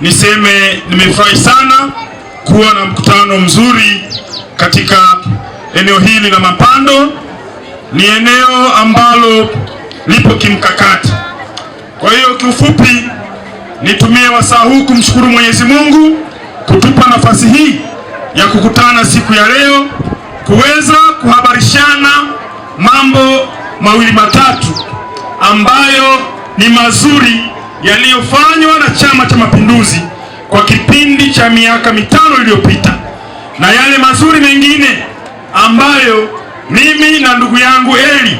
niseme nimefurahi sana kuwa na mkutano mzuri katika eneo hili la Mapando. Ni eneo ambalo lipo kimkakati. Kwa hiyo kiufupi, nitumie wasaa huu kumshukuru Mwenyezi Mungu kutupa nafasi hii ya kukutana siku ya leo kuweza kuhabarishana mambo mawili matatu ambayo ni mazuri yaliyofanywa na Chama cha Mapinduzi kwa kipindi cha miaka mitano iliyopita na yale mazuri mengine ambayo mimi na ndugu yangu Eli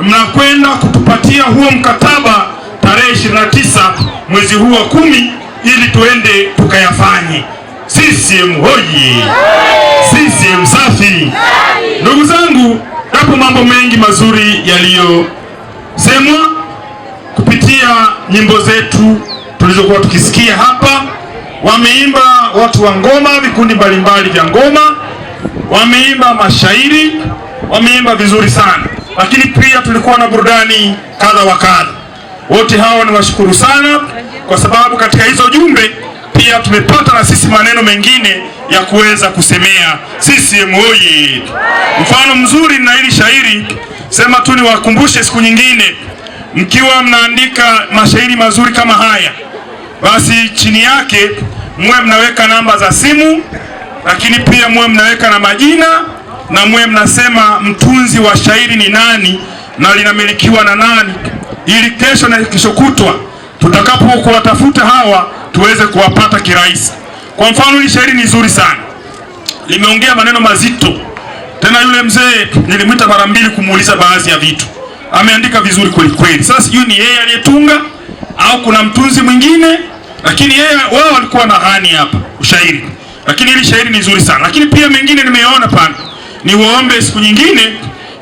mnakwenda kutupatia huo mkataba tarehe 29 mwezi huu wa kumi ili tuende tukayafanye. CCM hoji! CCM safi! Ndugu zangu, yapo mambo mengi mazuri yaliyosemwa kupitia nyimbo zetu tulizokuwa tukisikia hapa. Wameimba watu wa ngoma, vikundi mbalimbali vya ngoma, wameimba mashairi, wameimba vizuri sana, lakini pia tulikuwa na burudani kadha wa kadha. Wote hawa ni washukuru sana, kwa sababu katika hizo jumbe pia tumepata na sisi maneno mengine ya kuweza kusemea CCM oyee. Mfano mzuri na hili shairi, sema tu niwakumbushe siku nyingine mkiwa mnaandika mashairi mazuri kama haya, basi chini yake muwe mnaweka namba za simu, lakini pia muwe mnaweka na majina na muwe mnasema mtunzi wa shairi ni nani na linamilikiwa na nani, ili kesho na kesho kutwa tutakapo kuwatafuta hawa tuweze kuwapata kirahisi. Kwa mfano, hili shairi ni zuri sana, limeongea maneno mazito. Tena yule mzee nilimwita mara mbili kumuuliza baadhi ya vitu ameandika vizuri kweli kweli. Sasa sijui ni yeye aliyetunga au kuna mtunzi mwingine, lakini yeye wao walikuwa na ghani hapa ushairi, lakini hili shairi ni zuri sana, lakini pia mengine nimeona pana. Niwaombe siku nyingine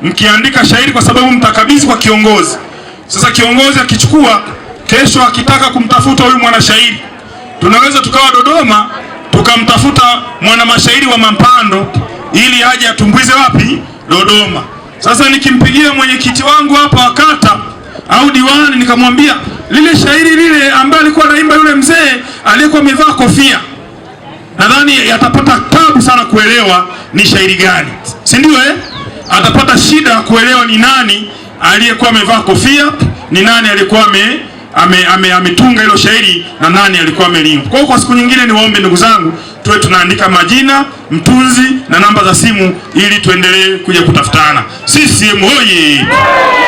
mkiandika shairi, kwa sababu mtakabidhi kwa kiongozi. Sasa kiongozi akichukua kesho, akitaka kumtafuta huyu mwana shairi, tunaweza tukawa Dodoma tukamtafuta mwana mashairi wa Mampando ili aje atumbuize wapi Dodoma. Sasa nikimpigia mwenyekiti wangu hapa wa kata au diwani nikamwambia lile shairi lile ambaye alikuwa anaimba yule mzee aliyekuwa amevaa kofia, nadhani atapata tabu sana kuelewa ni shairi gani, si ndio eh? Atapata shida kuelewa ni nani aliyekuwa amevaa kofia, ni nani aliyekuwa ame ametunga ame, ame hilo shairi na nani alikuwa amelimba. Kwa hiyo kwa siku nyingine niwaombe ndugu zangu tuwe tunaandika majina, mtunzi na namba za simu ili tuendelee kuja kutafutana. CCM oye!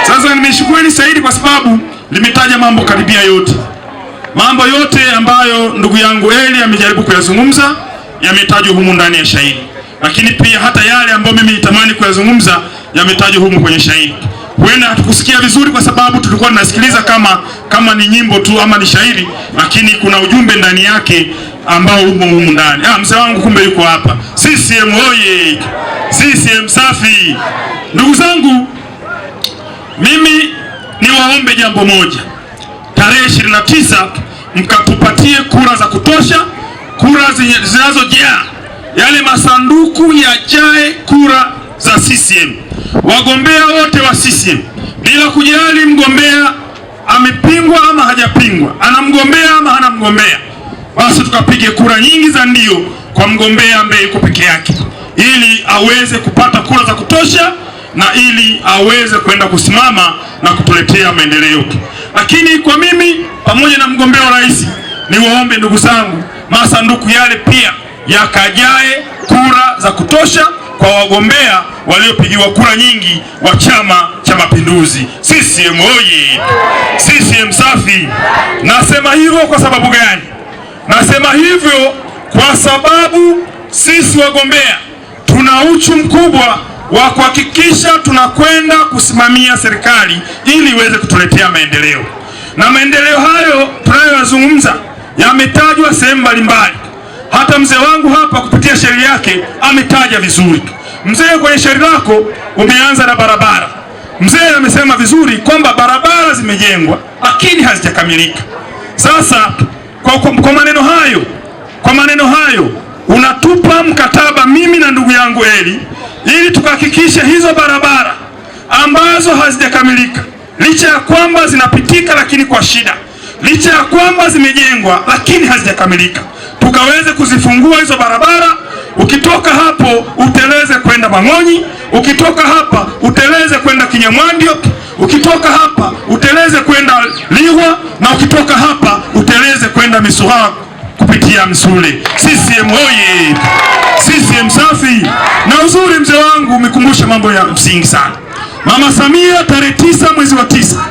Sasa nimeshukuru Saidi kwa sababu limetaja mambo karibia yote, mambo yote ambayo ndugu yangu Eli amejaribu kuyazungumza yametajwa humu ndani ya shahidi, lakini pia hata yale ambayo mimi nitamani kuyazungumza yametajwa humu kwenye shahidi huenda hatukusikia vizuri kwa sababu tulikuwa tunasikiliza kama kama ni nyimbo tu ama ni shairi, lakini kuna ujumbe ndani yake ambao umo humu ndani. Ah, mzee wangu kumbe yuko hapa. CCM oye! CCM safi! Ndugu zangu, mimi niwaombe jambo moja, tarehe 29 mkatupatie kura za kutosha, kura zinazojaa yale masanduku yajae kura za CCM. Wagombea wote wa CCM bila kujali mgombea amepingwa ama hajapingwa, anamgombea ama hana mgombea, basi tukapige kura nyingi za ndio kwa mgombea ambaye yuko peke yake, ili aweze kupata kura za kutosha na ili aweze kwenda kusimama na kutuletea maendeleo. Lakini kwa mimi pamoja na mgombea wa rais, niwaombe ndugu zangu, masanduku yale pia yakajae kura za kutosha kwa wagombea waliopigiwa kura nyingi wa Chama cha Mapinduzi, CCM oye! CCM safi! Nasema hivyo kwa sababu gani? Nasema hivyo kwa sababu sisi wagombea tuna uchu mkubwa wa kuhakikisha tunakwenda kusimamia serikali ili iweze kutuletea maendeleo, na maendeleo hayo tunayoyazungumza yametajwa sehemu mbalimbali. Hata mzee wangu hapa kupitia sheria yake ametaja vizuri. Mzee, kwenye shairi lako umeanza na barabara. Mzee amesema vizuri kwamba barabara zimejengwa lakini hazijakamilika. Sasa kwa, kwa maneno hayo kwa maneno hayo unatupa mkataba mimi na ndugu yangu Eli ili tukahakikishe hizo barabara ambazo hazijakamilika licha ya kwamba zinapitika lakini kwa shida, licha ya kwamba zimejengwa lakini hazijakamilika, tukaweze kuzifungua hizo barabara Ukitoka hapo uteleze kwenda Mang'onyi, ukitoka hapa uteleze kwenda Kinyamwandio, ukitoka hapa uteleze kwenda Liwa, na ukitoka hapa uteleze kwenda Misuha kupitia Msule. CCM oye! CCM safi. Na uzuri mzee wangu umekumbusha mambo ya msingi sana. Mama Samia tarehe tisa mwezi wa tisa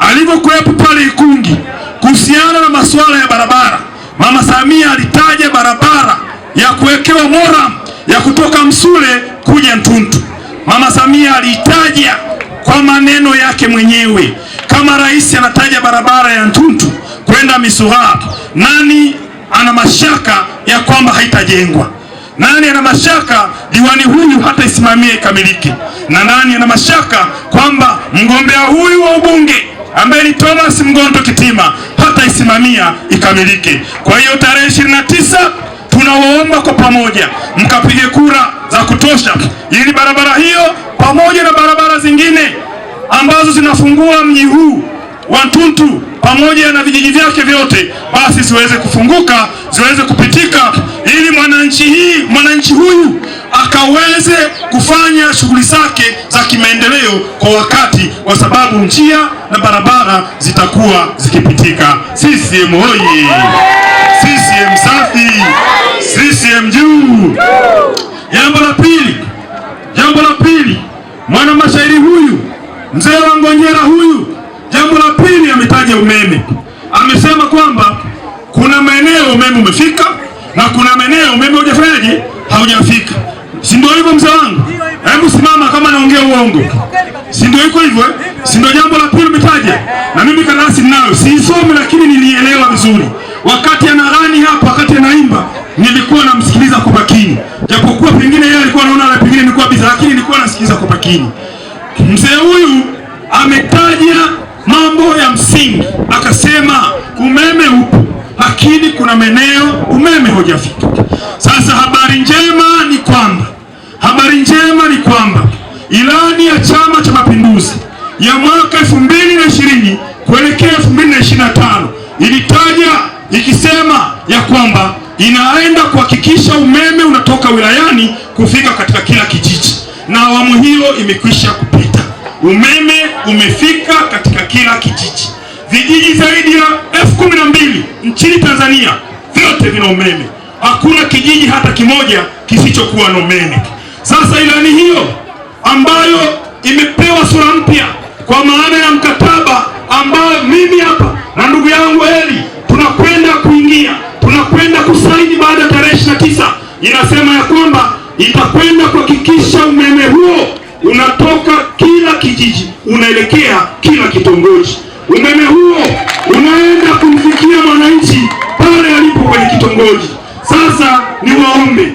alivyokuwepo pale Ikungi kuhusiana na masuala ya barabara, Mama Samia alitaja barabara ya kuwekewa moram ya kutoka Msule kuja Ntuntu. Mama Samia aliitaja kwa maneno yake mwenyewe. Kama rais anataja barabara ya Ntuntu kwenda Misugha, nani ana mashaka ya kwamba haitajengwa? Nani ana mashaka diwani huyu hata isimamie ikamilike? Na nani ana mashaka kwamba mgombea huyu wa ubunge ambaye ni Thomas Mgonto Kitima hata isimamia ikamilike? Kwa hiyo tarehe 29 tunawaomba kwa pamoja mkapige kura za kutosha ili barabara hiyo pamoja na barabara zingine ambazo zinafungua mji huu wa Ntuntu pamoja na vijiji vyake vyote basi ziweze kufunguka, ziweze kupitika, ili mwananchi hii mwananchi huyu akaweze kufanya shughuli zake za kimaendeleo kwa wakati, kwa sababu njia na barabara zitakuwa zikipitika. CCM oyee! CCM safi! CCM juu. Jambo la pili, jambo la pili, mwana mashairi huyu mzee wa Ngonyera huyu, jambo la pili ametaja umeme. Amesema kwamba kuna maeneo umeme umefika na kuna maeneo umeme hujafanyaje, haujafika. Si ndio hivyo mzee wangu? Hebu simama kama naongea uongo, si ndio iko hivyo eh? Si ndio jambo la pili umetaja, na mimi kanasi ninayo, siisome lakini nilielewa vizuri wakati anarani hapa, wakati anaimba nilikuwa namsikiliza kwa makini, japokuwa pengine yeye alikuwa anaona pengine nilikuwa biza, lakini nilikuwa nasikiliza kwa makini. Mzee huyu ametaja mambo ya msingi, akasema umeme upo, lakini kuna maeneo umeme hujafika. Sasa habari njema ni kwamba habari njema ni kwamba ilani ya Chama cha Mapinduzi ya mwaka 2020 kuelekea 2025 ilitaja ikisema ya kwamba inaenda kuhakikisha umeme unatoka wilayani kufika katika kila kijiji, na awamu hiyo imekwisha kupita. Umeme umefika katika kila kijiji. Vijiji zaidi ya elfu kumi na mbili nchini Tanzania vyote vina umeme, hakuna kijiji hata kimoja kisichokuwa na umeme. Sasa ilani hiyo ambayo imepewa sura mpya kwa maana ya mkataba ambao mimi hapa na ndugu yangu Eli tunakwenda kuingia, tunakwenda kusaini baada ya tarehe ishirini na tisa inasema ya kwamba itakwenda kuhakikisha umeme huo unatoka kila kijiji unaelekea kila kitongoji. Umeme huo unaenda kumfikia mwananchi pale alipo kwenye kitongoji. Sasa niwaombe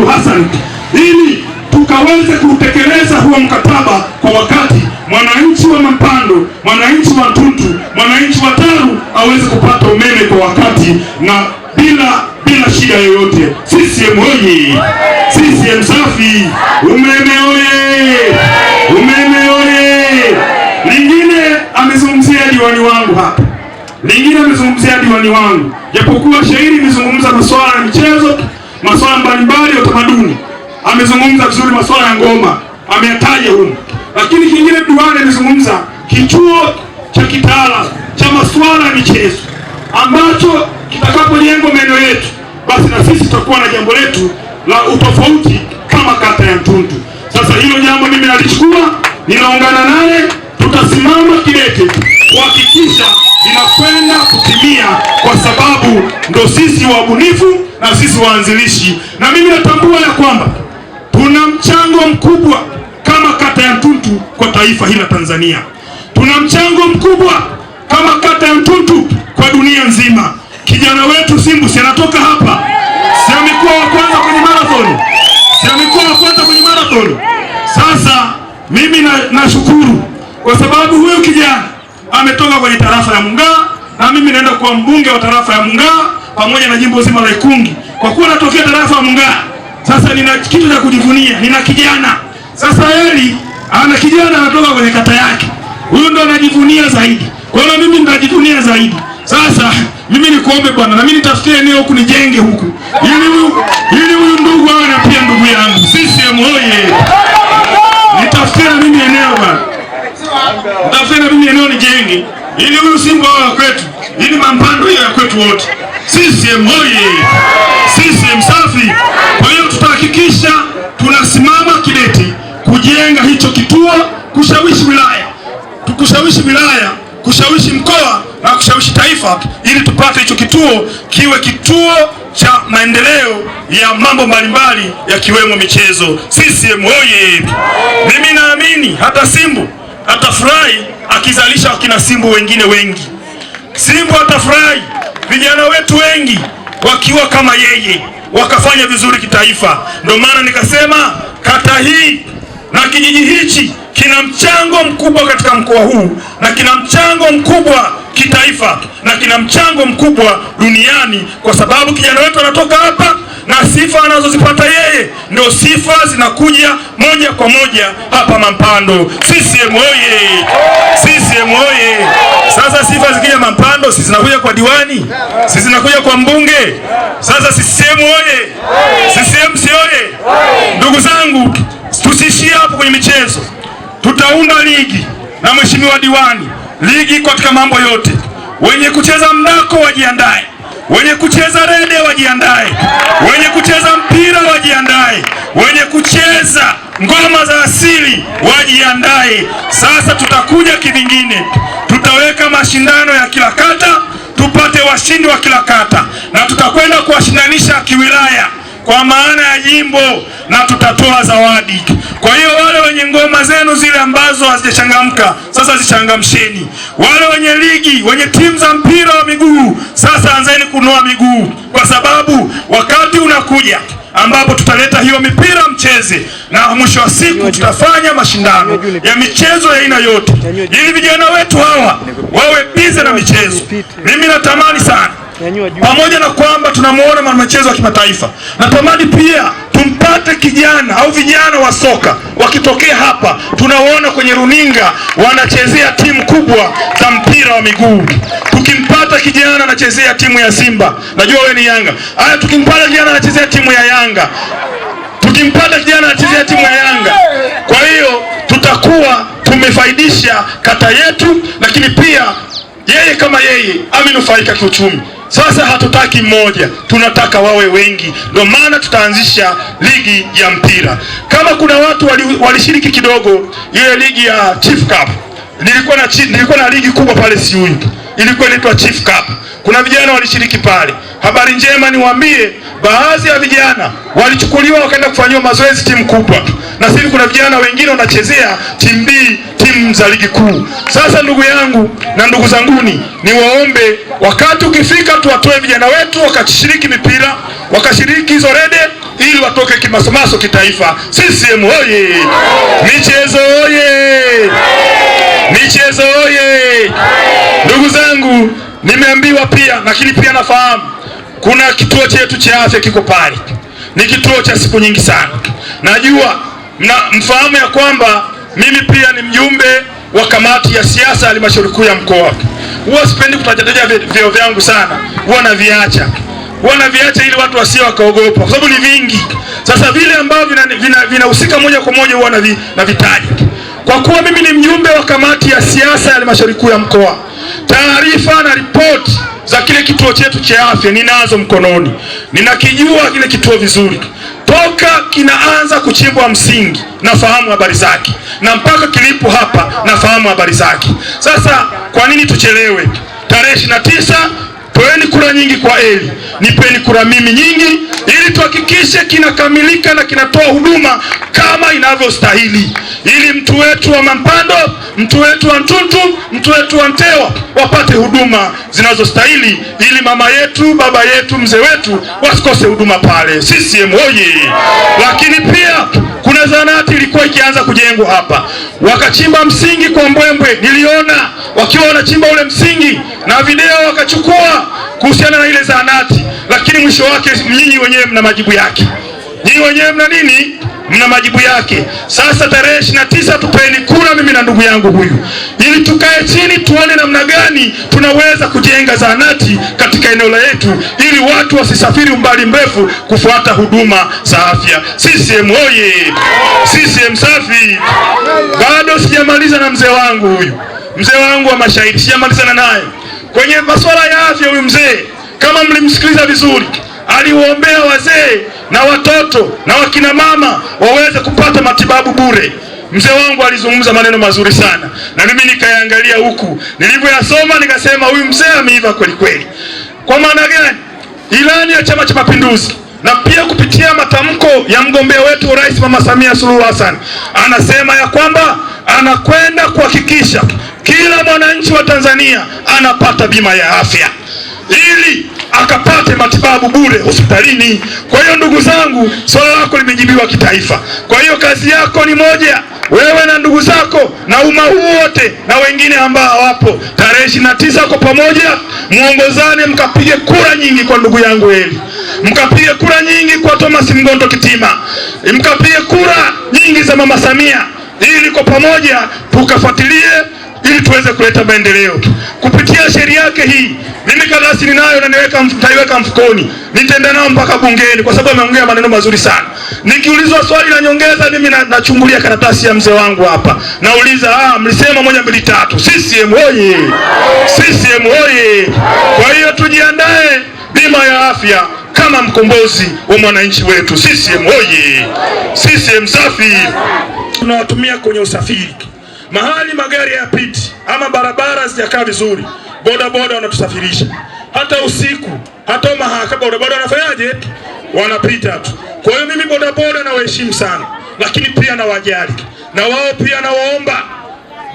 Suluhu Hassan ili tukaweze kutekeleza huo mkataba kwa wakati, mwananchi wa Mapando, mwananchi wa Tutu, mwananchi wa Taru aweze kupata umeme kwa wakati na bila bila shida yoyote. CCM oye! CCM safi! Umeme oye! Umeme oye! Lingine amezungumzia diwani wangu hapa, lingine amezungumzia diwani wangu, japokuwa shairi imezungumza masuala ya michezo masuala mbalimbali ya utamaduni. Amezungumza vizuri masuala ya ngoma, ameyataja huko. Lakini kingine diwani amezungumza kichuo cha kitala cha masuala ya michezo ambacho kitakapojengwa maeneo yetu, basi na sisi tutakuwa na jambo letu la utofauti kama kata ya Mtuntu. Sasa hilo jambo mimi nalichukua, ninaungana naye, tutasimama kidete kuhakikisha linakwenda kutimia, kwa sababu ndo sisi wabunifu na sisi waanzilishi, na mimi natambua ya kwamba tuna mchango mkubwa kama kata ya Ntuntu kwa taifa hili la Tanzania. Tuna mchango mkubwa kama kata ya Ntuntu kwa dunia nzima. Kijana wetu Simbu anatoka hapa, si amekuwa wa kwanza kwenye marathon? Si amekuwa wa kwanza kwenye marathon? Sasa mimi nashukuru na kwa sababu huyu kijana ametoka kwenye tarafa ya Mungaa na mimi naenda kuwa mbunge wa tarafa ya Mungaa pamoja na jimbo zima la Ikungi, kwa kuwa natokea tarafa ya Mngaa. Sasa nina kitu cha kujivunia, nina kijana sasa. Eli ana kijana anatoka kwenye kata yake, huyu ndo anajivunia zaidi. Kwa hiyo mimi nitajivunia zaidi. Sasa mimi nikuombe bwana, na mimi nitafikia eneo huku nijenge huku, ili huyu ili huyu ndugu tukushawishi wilaya, tukushawishi wilaya, kushawishi mkoa na kushawishi taifa, ili tupate hicho kituo kiwe kituo cha maendeleo ya mambo mbalimbali yakiwemo michezo. CCM oye! Mimi naamini hata Simbu atafurahi akizalisha akina Simbu wengine wengi. Simbu atafurahi vijana wetu wengi wakiwa kama yeye wakafanya vizuri kitaifa. Ndio maana nikasema kata hii na kijiji hichi kina mchango mkubwa katika mkoa huu na kina mchango mkubwa kitaifa na kina mchango mkubwa duniani, kwa sababu kijana wetu anatoka hapa na sifa anazozipata yeye ndio sifa zinakuja moja kwa moja hapa Mampando. CCM oye! CCM oye! Sasa sifa zikija Mampando, si zinakuja kwa diwani, si zinakuja kwa mbunge. Sasa CCM oye! CCM si oye! Ndugu zangu Tusiishie hapo kwenye michezo, tutaunda ligi na mheshimiwa diwani, ligi katika mambo yote. Wenye kucheza mnako wajiandae, wenye kucheza rede wajiandae, wenye kucheza mpira wajiandae, wenye kucheza ngoma za asili wajiandae. Sasa tutakuja kivingine, tutaweka mashindano ya kila kata, tupate washindi wa kila kata, na tutakwenda kuwashindanisha kiwilaya kwa maana ya jimbo na tutatoa zawadi. Kwa hiyo wale wenye ngoma zenu zile ambazo hazijachangamka sasa zichangamsheni. Wale wenye ligi, wenye timu za mpira wa miguu sasa anzeni kunoa miguu, kwa sababu wakati unakuja ambapo tutaleta hiyo mipira mcheze, na mwisho wa siku tutafanya mashindano ya michezo ya aina yote, ili vijana wetu hawa wawe bize na michezo. Mimi natamani sana pamoja na kwamba tunamwona mwanamichezo wa kimataifa, natamani pia tumpate kijana au vijana wa soka wakitokea hapa, tunawaona kwenye runinga wanachezea timu kubwa za mpira wa miguu. Tukimpata kijana anachezea timu ya Simba, najua wewe ni Yanga. Haya, tukimpata kijana anachezea timu ya Yanga, tukimpata kijana anachezea timu ya Yanga, kwa hiyo tutakuwa tumefaidisha kata yetu, lakini pia yeye kama yeye amenufaika kiuchumi. Sasa hatutaki mmoja, tunataka wawe wengi. Ndio maana tutaanzisha ligi ya mpira. Kama kuna watu walishiriki wali kidogo ile ligi ya Chief Cup, nilikuwa na, nilikuwa na ligi kubwa pale Siuyu, ilikuwa inaitwa Chief Cup. Kuna vijana walishiriki pale. Habari njema niwaambie, baadhi ya vijana walichukuliwa wakaenda kufanyiwa mazoezi timu kubwa na sisi kuna vijana wengine wanachezea timu B, timu za ligi kuu. Sasa ndugu yangu na ndugu zanguni, niwaombe wakati ukifika, tuwatoe vijana wetu wakashiriki mipira, wakashiriki hizo rede ili watoke kimasomaso kitaifa. CCM oye! Michezo oye! Michezo oye! Ndugu zangu, nimeambiwa pia, lakini pia nafahamu kuna kituo chetu cha afya kiko pale, ni kituo cha siku nyingi sana, najua na mfahamu ya kwamba mimi pia ni mjumbe wa kamati ya siasa halmashauri kuu ya mkoa wake. Huwa sipendi kutajateja vyeo vyangu sana, huwa naviacha huwa naviacha ili watu wasio wakaogopa, kwa sababu ni vingi. Sasa vile ambavyo vinahusika vina vina moja kwa moja huwa navitaja. Kwa kuwa mimi ni mjumbe wa kamati ya siasa ya halmashauri kuu ya mkoa, taarifa na ripoti za kile kituo chetu cha afya ninazo mkononi, ninakijua kile kituo vizuri toka kinaanza kuchimbwa msingi nafahamu habari zake, na mpaka kilipo hapa nafahamu habari zake. Sasa kwa nini tuchelewe? Tarehe ishirini na tisa toeni kura nyingi kwa Eli, nipeni kura mimi nyingi, ili tuhakikishe kinakamilika na kinatoa huduma kama inavyostahili, ili mtu wetu wa Mampando, mtu wetu wa ntuntu mtu wetu wa Mtewa wapate huduma zinazostahili, ili mama yetu, baba yetu, mzee wetu wasikose huduma pale. CCM oye! Lakini pia kuna zahanati ilikuwa ikianza kujengwa hapa, wakachimba msingi kwa mbwembwe. Niliona wakiwa wanachimba ule msingi na video wakachukua kuhusiana na ile zahanati, lakini mwisho wake nyinyi wenyewe mna majibu yake, nyinyi wenyewe mna nini mna majibu yake. Sasa tarehe ishirini na tisa tupeni kura, mimi na ndugu yangu huyu, ili tukae chini tuone namna gani tunaweza kujenga zahanati katika eneo letu, ili watu wasisafiri umbali mrefu kufuata huduma za afya. CCM oye! CCM safi! Bado sijamaliza na mzee wangu huyu, mzee wangu wa mashahidi, sijamalizana naye kwenye masuala ya afya. Huyu mzee kama mlimsikiliza vizuri, aliwaombea wazee na watoto na wakina mama waweze kupata matibabu bure. Mzee wangu alizungumza maneno mazuri sana, na mimi nikayaangalia huku nilivyoyasoma, nikasema huyu mzee ameiva kweli kweli. Kwa maana gani? Ilani ya Chama cha Mapinduzi na pia kupitia matamko ya mgombea wetu Rais Mama Samia Suluhu Hassan anasema ya kwamba anakwenda kuhakikisha kila mwananchi wa Tanzania anapata bima ya afya ili akapate matibabu bure hospitalini. Kwa hiyo ndugu zangu, swala lako limejibiwa kitaifa. Kwa hiyo kazi yako ni moja, wewe na ndugu zako na umma huu wote na wengine ambao hawapo, tarehe ishirini na tisa kwa pamoja muongozane, mkapige kura nyingi kwa ndugu yangu Eli, mkapige kura nyingi kwa Thomas Mgonto Kitima, mkapige kura nyingi za mama Samia, ili kwa pamoja tukafuatilie ili tuweze kuleta maendeleo kupitia sheria yake hii. Mimi kandarasi ninayo na niweka nitaiweka mfukoni, nitaenda nao mpaka bungeni, kwa sababu ameongea maneno mazuri sana. Nikiulizwa swali la nyongeza, mimi nachungulia na karatasi ya mzee wangu hapa, nauliza ah, mlisema moja mbili tatu. CCM oye! CCM oye! Kwa hiyo tujiandae, bima ya afya kama mkombozi wa mwananchi wetu. CCM oye! CCM safi! Tunawatumia kwenye usafiri mahali magari yapiti ama barabara hazijakaa vizuri, bodaboda wanatusafirisha hata usiku, hata mahaka bodaboda wanafanyaje? Wanapita tu. Kwa hiyo mimi bodaboda nawaheshimu sana, lakini pia nawajali na wao pia nawaomba,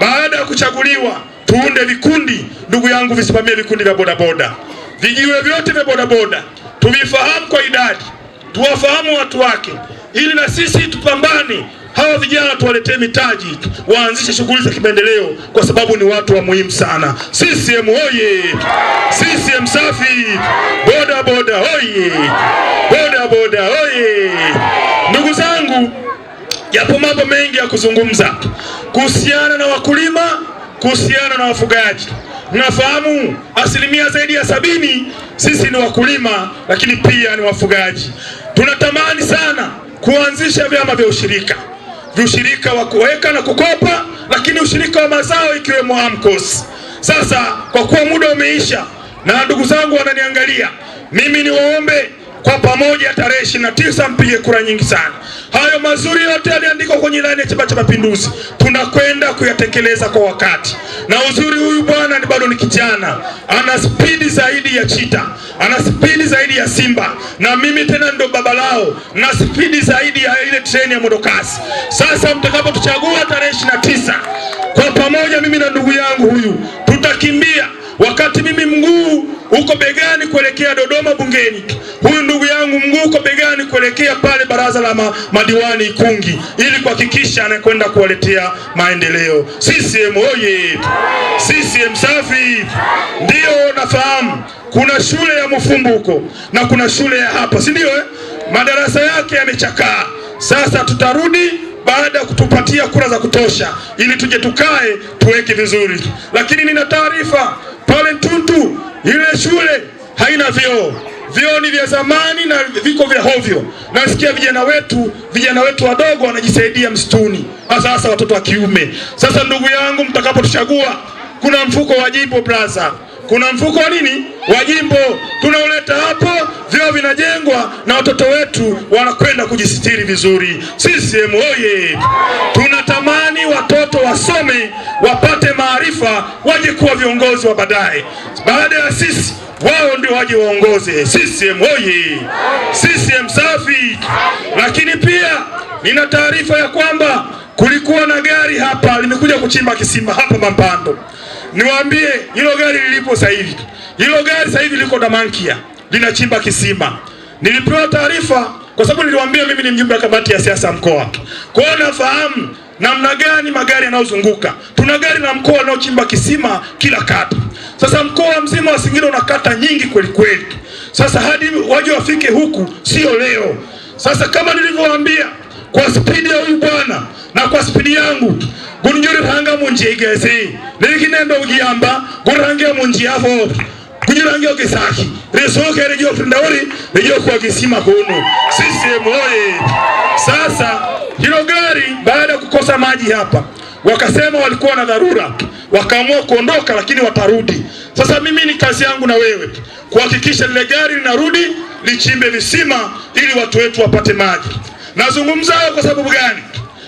baada ya kuchaguliwa tuunde vikundi, ndugu yangu, visimamie vikundi vya bodaboda, vijiwe vyote vya bodaboda tuvifahamu kwa idadi, tuwafahamu watu wake, ili na sisi tupambane Hawa vijana tuwaletee mitaji, waanzishe shughuli za kimaendeleo, kwa sababu ni watu wa muhimu sana. CCM oye! CCM safi! Boda boda oye! Boda boda oye! Ndugu zangu, yapo mambo mengi ya kuzungumza kuhusiana na wakulima, kuhusiana na wafugaji. Nafahamu asilimia zaidi ya sabini sisi ni wakulima, lakini pia ni wafugaji. Tunatamani sana kuanzisha vyama vya ushirika ushirika wa kuweka na kukopa, lakini ushirika wa mazao ikiwemo AMCOS. Sasa kwa kuwa muda umeisha na ndugu zangu wananiangalia, mimi niwaombe kwa pamoja tarehe 29, mpige kura nyingi sana. Hayo mazuri yote yaliandikwa kwenye ilani ya Chama cha Mapinduzi, tunakwenda kuyatekeleza kwa wakati. Na uzuri huyu bwana ni bado ni kijana, ana spidi zaidi ya chita, ana spidi zaidi ya simba, na mimi tena ndo baba lao na spidi zaidi ya ile treni ya mwendokasi. Sasa mtakapotuchagua tarehe 29, kwa pamoja mimi na ndugu yangu huyu tutakimbia wakati mimi mguu uko begani kuelekea Dodoma bungeni, huyu ndugu yangu mguu uko begani kuelekea pale baraza la ma, madiwani Ikungi, ili kuhakikisha anakwenda kuwaletea maendeleo. CCM oye! CCM safi! ndio nafahamu kuna shule ya huko na kuna shule ya hapa, si ndio eh? Madarasa yake yamechakaa. Sasa tutarudi baada ya kutupatia kura za kutosha, ili tuje tukae tuweke vizuri, lakini nina taarifa pale Ntuntu, ile shule haina vyoo, vyoo ni vya zamani na viko vya hovyo. Nasikia vijana wetu vijana wetu wadogo wanajisaidia msituni, hasa hasa watoto wa kiume. Sasa ndugu yangu, mtakapotuchagua, kuna mfuko wa jimbo brasa kuna mfuko wa nini wa jimbo tunauleta hapo, vyoo vinajengwa na watoto wetu wanakwenda kujisitiri vizuri. CCM oye! Tunatamani watoto wasome, wapate maarifa, waje kuwa viongozi wa baadaye. Baada ya sisi wao ndio waje waongoze. CCM oye! CCM safi! Lakini pia nina taarifa ya kwamba kulikuwa na gari hapa limekuja kuchimba kisima hapa Mapando niwaambie hilo gari lilipo sasa hivi, hilo gari sasa hivi liko Damankia linachimba kisima. Nilipewa taarifa kwa sababu niliwaambia mimi ni mjumbe wa kamati ya siasa mkoa, kwa hiyo nafahamu namna gani magari yanayozunguka. Tuna gari la mkoa linalochimba kisima kila kata. Sasa mkoa mzima wa Singida una kata nyingi kweli kweli. Sasa hadi waje wafike huku sio leo. Sasa kama nilivyowaambia, kwa spidi ya huyu bwana na kwa spidi yangu gunyurihanga munji igesi nikinendo giamba gurangia munji yavo kunyurangia gisaki risoke rijo tindawori rijo kwa kisima kuno sisi oye sasa hilo gari baada ya kukosa maji hapa wakasema walikuwa na dharura wakaamua kuondoka lakini watarudi sasa mimi ni kazi yangu na wewe kuhakikisha lile gari linarudi lichimbe visima ili watu wetu wapate maji nazungumza kwa sababu gani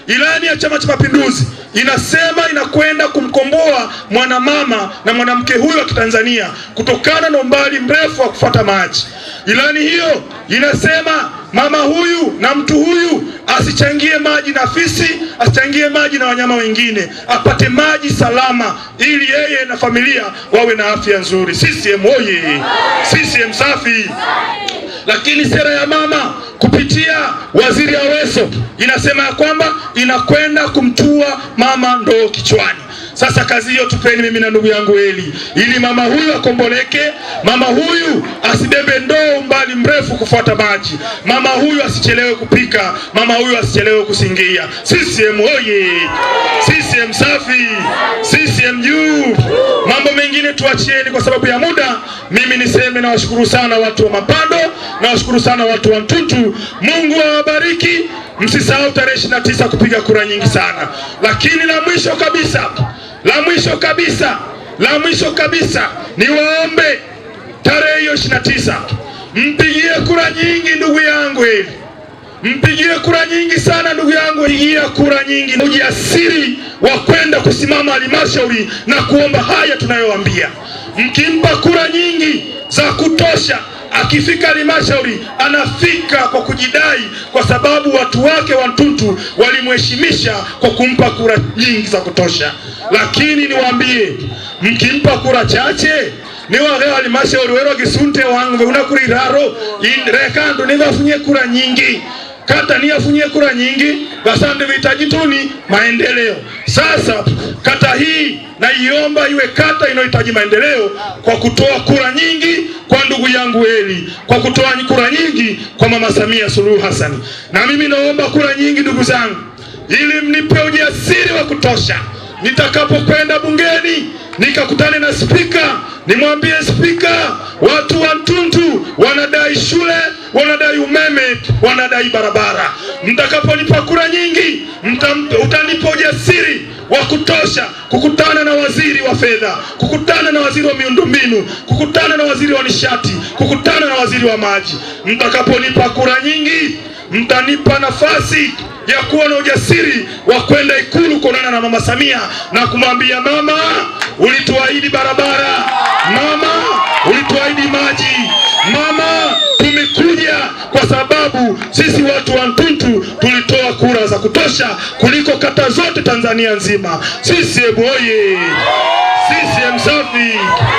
Ilani ya Chama cha Mapinduzi inasema inakwenda kumkomboa mwanamama na mwanamke huyu wa Kitanzania kutokana na umbali mrefu wa kufuata maji. Ilani hiyo inasema mama huyu na mtu huyu asichangie maji na fisi, asichangie maji na wanyama wengine, apate maji salama ili yeye na familia wawe na afya nzuri. CCM oye! CCM safi! lakini sera ya mama kupitia waziri Aweso inasema ya kwamba inakwenda kumtua mama ndoo kichwani. Sasa kazi hiyo tupeni mimi na ndugu yangu Eli, ili mama huyu akomboleke, mama huyu asibebe ndoo umbali mrefu kufuata maji, mama huyu asichelewe kupika, mama huyu asichelewe kusingia. CCM oye! CCM safi! CCM juu! Mambo mengine tuachieni kwa sababu ya muda. Mimi niseme nawashukuru sana watu wa Mapando, nawashukuru sana watu wa Mtutu. Mungu awabariki. Msisahau tarehe 29 kupiga kura nyingi sana, lakini la mwisho kabisa la mwisho kabisa, la mwisho kabisa niwaombe, tarehe hiyo ishirini na tisa mpigie kura nyingi ndugu yangu, hivi, mpigie kura nyingi sana ndugu yangu, pigia kura nyingi, ujasiri wa kwenda kusimama halmashauri na kuomba haya tunayowambia Mkimpa kura nyingi za kutosha akifika halmashauri anafika kwa kujidai, kwa sababu watu wake wa Ntuntu walimheshimisha kwa kumpa kura nyingi za kutosha. Lakini niwaambie, mkimpa kura chache niwagewa halmashauri wero gisunte wangu veunakuriraro rekando nivafunye kura nyingi kata niyafunyie kura nyingi basande tuni maendeleo. Sasa kata hii naiomba iwe kata inayohitaji maendeleo kwa kutoa kura nyingi kwa ndugu yangu Eli, kwa kutoa kura nyingi kwa mama Samia Suluhu Hassan. Na mimi naomba kura nyingi ndugu zangu, ili mnipe ujasiri wa kutosha nitakapokwenda bungeni nikakutane na spika, nimwambie spika, watu wanadai umeme, wanadai barabara. Mtakaponipa kura nyingi, utanipa ujasiri wa kutosha kukutana na waziri wa fedha, kukutana na waziri wa miundombinu, kukutana na waziri wa nishati, kukutana na waziri wa maji. Mtakaponipa kura nyingi, mtanipa nafasi ya kuwa na ujasiri wa kwenda Ikulu kuonana na mama Samia na kumwambia mama ulituahidi barabara mama, ulituahidi maji mama. Tumekuja kwa sababu sisi watu wa Ntuntu tulitoa kura za kutosha kuliko kata zote Tanzania nzima. CCM oye! CCM safi!